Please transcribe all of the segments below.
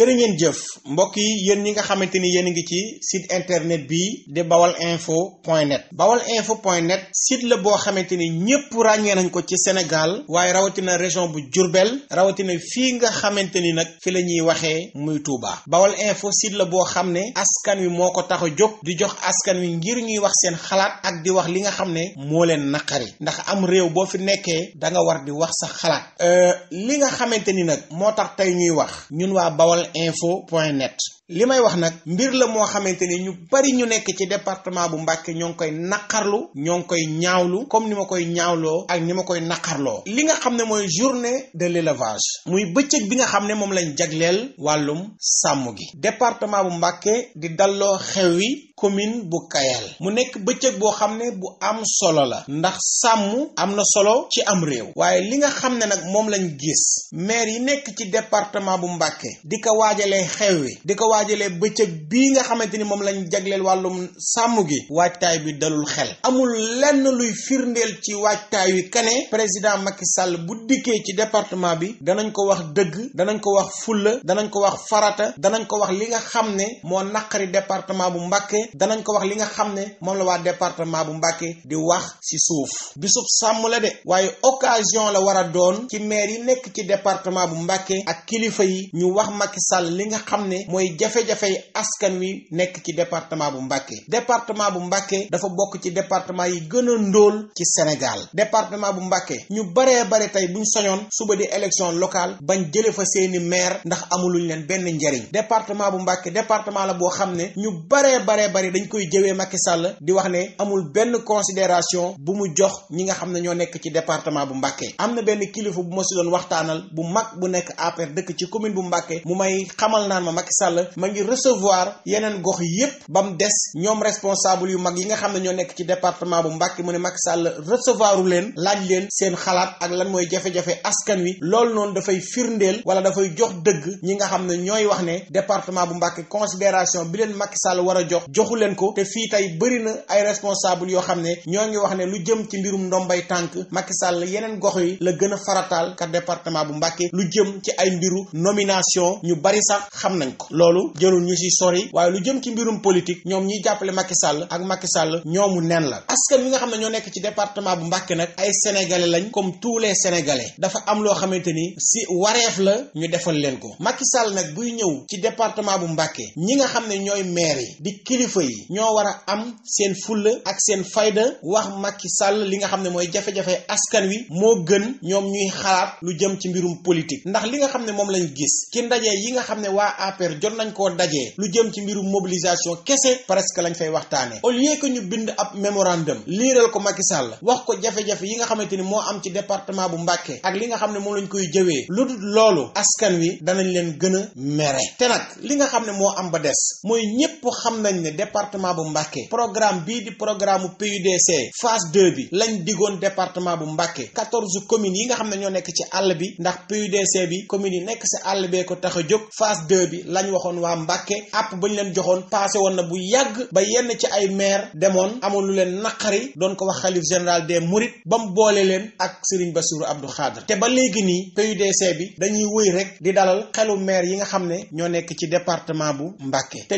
jërë ngeen jëf mbokk yi yéen ñi nga xamante ni yéen a ngi ci site internet bi di bawal info point net bawal info point net site la boo xamante ni ñëpp ràññee nañ ko ci Sénégal waaye rawatina région bu Diourbel rawatina fii nga xamante ni nag fi la ñuy waxee muy Touba bawal info site la boo xam ne askan wi moo ko tax a jóg di jox askan wi ngir ñuy wax seen xalaat ak di wax li nga xam ne moo leen naqari ndax am réew boo fi nekkee da nga war di wax sa xalaat euh, li nga xamante ni info point net li may wax nag mbir la moo xamante ni ñu bari ñu nekk ci département bu Mbàkke ñoo ngi koy naqarlu ñoo ngi koy ñaawlu comme ni ma koy ñaawloo ak ni ma koy naqarloo li nga xam ne mooy journée de l'élevage muy bëccëg bi nga xam ne moom lañ jagleel wàllum sàmm gi département bu Mbàkke di dalloo xew commune bu Kayal mu nekk bëccëg boo xam ne bu am solo la ndax sàmm am na solo ci am réew waaye li nga xam ne nag moom lañ gis maire yi nekk ci département bu Mbàkke di ko waajalee xew wi di ko waajalee bëccëg bii nga xamante ni moom lañ jagleel wàllum sàmm gi waajtaay bi dalul xel amul lenn luy firndeel ci waajtaay wi kane président Macky Sall bu dikkee ci département bi danañ ko wax dëgg danañ ko wax fulla danañ ko wax farata danañ ko wax li nga xam ne moo naqari département bu Mbàkke danañ ko wax li nga xam ne moom la waa département bu Mbàkke di wax ci suuf bisub sàmm la de waaye occasion la war a doon ci maire yi nekk ci département bu Mbàkke ak kilifa yi ñu wax Macky Sall li nga xam ne mooy jafe-jafey askan wi nekk ci département bu Mbàkke département bu Mbàkke dafa bokk ci département yi gën a ndóol ci Sénégal département bu Mbàkke ñu baree bare tey buñ soñoon suba di élection locale bañ jële fa seeni maire ndax amuluñ leen benn njariñ département bu Mbàkke département la boo xam bari dañ koy jëwee Macky Sall di wax ne amul benn considération bu mu jox ñi nga xam ne ñoo nekk ci département bu Mbacké am na benn kilifa bu ma si doon waxtaanal bu mag bu nekk APR dëkk ci commune bu Mbacké mu may xamal naan ma Macky Sall ma ngi recevoir yeneen gox yépp ba mu des ñoom responsable yu mag yi nga xam ne ñoo nekk ci département bu Mbacké mu ne Macky Sall recevoiru leen laaj leen seen xalaat ak lan mooy jafe-jafe askan wi loolu noonu dafay firndeel wala dafay jox dëgg ñi nga xam ne ñooy wax ne département bu Mbacké considération bi leen Macky Sall war a jox jox joxu leen ko te fii tey bëri na ay responsable yoo xam ne ñoo ngi wax ne lu jëm ci mbirum ndombay tànk Macky Sall yeneen gox yi la gën a farataal ka département bu Mbàkke lu jëm ci ay mbiru nomination ñu bari sax xam nañ ko loolu jërul ñu si sori waaye lu jëm ci mbirum politique ñoom ñiy jàppale Macky Sall ak Macky Sall ñoomu nen la askan wi nga xam ne ñoo nekk ci département bu Mbàkke nag ay sénégalais lañ comme tous les sénégalais dafa am loo xamante ni si wareef la ñu defal leen ko Macky Sall nag buy ñëw ci département bu Mbàkke ñi nga xam kilifa yi ñoo war a am seen fulla ak seen fayda wax Macky Sall li nga xam ne mooy jafe-jafe askan wi moo gën ñoom ñuy xalaat lu jëm ci mbirum politique ndax li nga xam ne moom lañ gis ci ndaje yi nga xam ne waa APR jot nañ koo dajee lu jëm ci mbirum mobilisation kese presque lañ fay waxtaanee au lieu que ñu bind ab mémorandum liiral ko Macky Sall wax ko jafe yi nga xamante ni moo am ci département bu Mbacké ak li nga xam ne moom lañ koy jëwee lu dul loolu askan wi danañ leen gën mere te nag li nga xam ne moo am ba des mooy ñépp xam nañ ne département bu Mbàkke programme bii di programme PUDC phase 2 bi lañ digoon département bu Mbàkke 14 communes yi nga xam ne ñoo nekk ci àll bi ndax PUDC bi commune yi nekk si àll bee ko tax a jóg phase 2 bi lañ waxoon waa Mbàkke app ba ñu leen joxoon passé woon na bu yàgg ba yenn ci ay maire demoon amul lu leen naqari doon ko wax xalif général de Mourides ba mu boole leen ak Serigne Bassirou Abdou Khadre te ba léegi nii PUDC bi dañuy wëy rek di dalal xelu maire yi nga xam ne ñoo nekk ci département bu Mbàkke te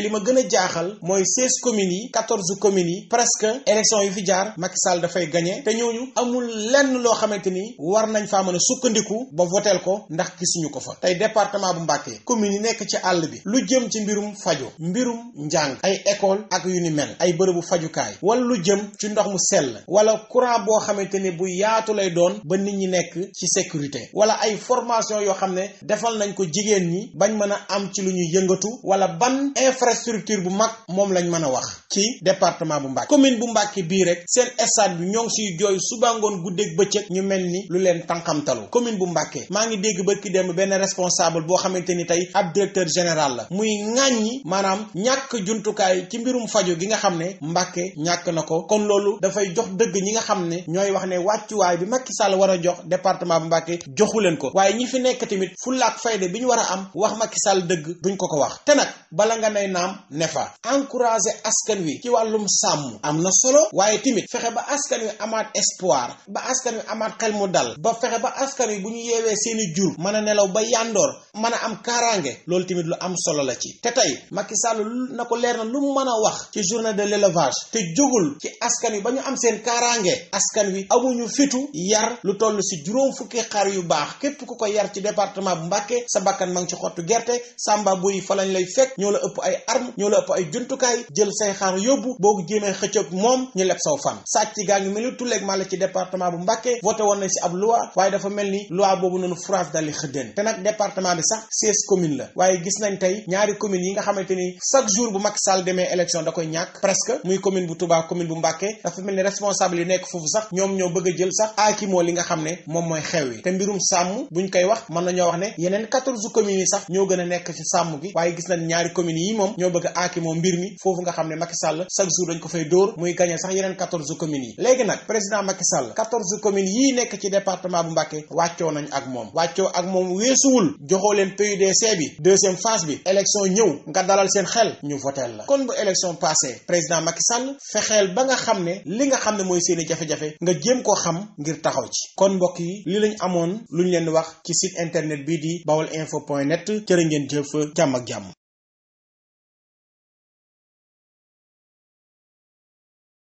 seize communes yi quatorze communes yi presque élection yu fi jaar Macky Sall dafay gagné te ñooñu amul lenn loo xamante ni war nañ fa mën a sukkandiku ba voteel ko ndax gisuñu ko fa tey département bu Mbacké communes yi nekk ci àll bi lu jëm ci mbirum fajo mbirum njàng ay école ak yu ni mel ay bërëbu fajukaay wala lu jëm ci ndox mu sell wala courant boo xamante ni bu yaatu lay doon ba nit ñi nekk ci sécurité wala ay formation yoo xam ne defal nañ ko jigéen ñi bañ mën a am ci lu ñuy yëngatu wala ban infrastructure bu mag moom la lañ mën a wax ci département bu Mbàkke commune bu Mbàkke bii rek seen stade bi ñoo ngi siy jooy suba ngoon guddeeg bëccëg ñu mel ni lu leen tànqamtalu commune bu Mbàkke maa ngi dégg bërki dem benn responsable boo xamante ni tey ab directeur général la muy ŋàññi maanaam ñàkk jumtukaay ci mbirum faju gi nga xam ne Mbàkke ñàkk na ko kon loolu dafay jox dëgg ñi nga xam ne ñooy wax ne wàccuwaay bi Macky Sall war a jox département bu Mbàkke joxu leen ko waaye ñi fi nekk tamit fullaak fayda bi ñu war a am wax Macky Sall dëgg duñ ko ko wax encourager askan wi ci wàllum sàmm am na solo waaye tamit fexe ba askan wi amaat espoir ba askan wi amaat xel mu dal ba fexe ba askan wi bu ñu yeewee seeni jur mën a nelaw ba yàndoor mën a am kaaraange loolu tamit lu am solo la ci te tey Macky Sall na ko leer na lu mu mën a wax ci journée de l'élevage te jógul ci askan wi ba ñu am seen kaaraange askan wi amuñu fitu yar lu toll si juróom fukki xar yu baax képp ku ko yar ci département bu Mbàkke sa bakkan ma ci xottu gerte sàmba buy fa lañ lay fekk ñoo la ëpp ay arme ñoo la ëpp ay jumtukaay jël say xar yóbbu boo ko xëccëg moom ñu leb saw fan sàcc gaa ngi mel ni tuleeg màlla ci département bu Mbàkke voté woon nañ si ab loi waaye dafa mel ni loi boobu noonu France dali xëddéen te nag département bi sax seize communes la waaye gis nañ tey ñaari communes yi nga xamante ni chaque jour bu Macky Sall demee élection da koy ñàkk presque muy commune bu Touba commune bu Mbàkke dafa mel ni responsable yi nekk foofu sax ñoom ñoo bëgg a jël moom mooy xew yi te mbirum sàmm buñ koy wax ne yeneen quatorze communes sax ñoo gën a nekk ci foofu nga xam ne Macky Sall chaque jour dañ ko fay dóor muy gagné sax yeneen quatorze communes yi léegi nag président Macky Sall quatorze communes yii nekk ci département bu Mbacké wàccoo nañ ak moom wàccoo ak moom weesuwul joxoo leen PUDC bi deuxième phase bi élection ñëw nga dalal seen xel ñu voteel la kon bu élection passé président Macky Sall fexeel ba nga xam ne li nga xam ne mooy seeni jafe-jafe nga jéem koo xam ngir taxaw ci kon mbokk yi li lañ amoon luñ leen wax ci site internet bii di bawal info net jërë ngeen jëf jàmm ak jàmm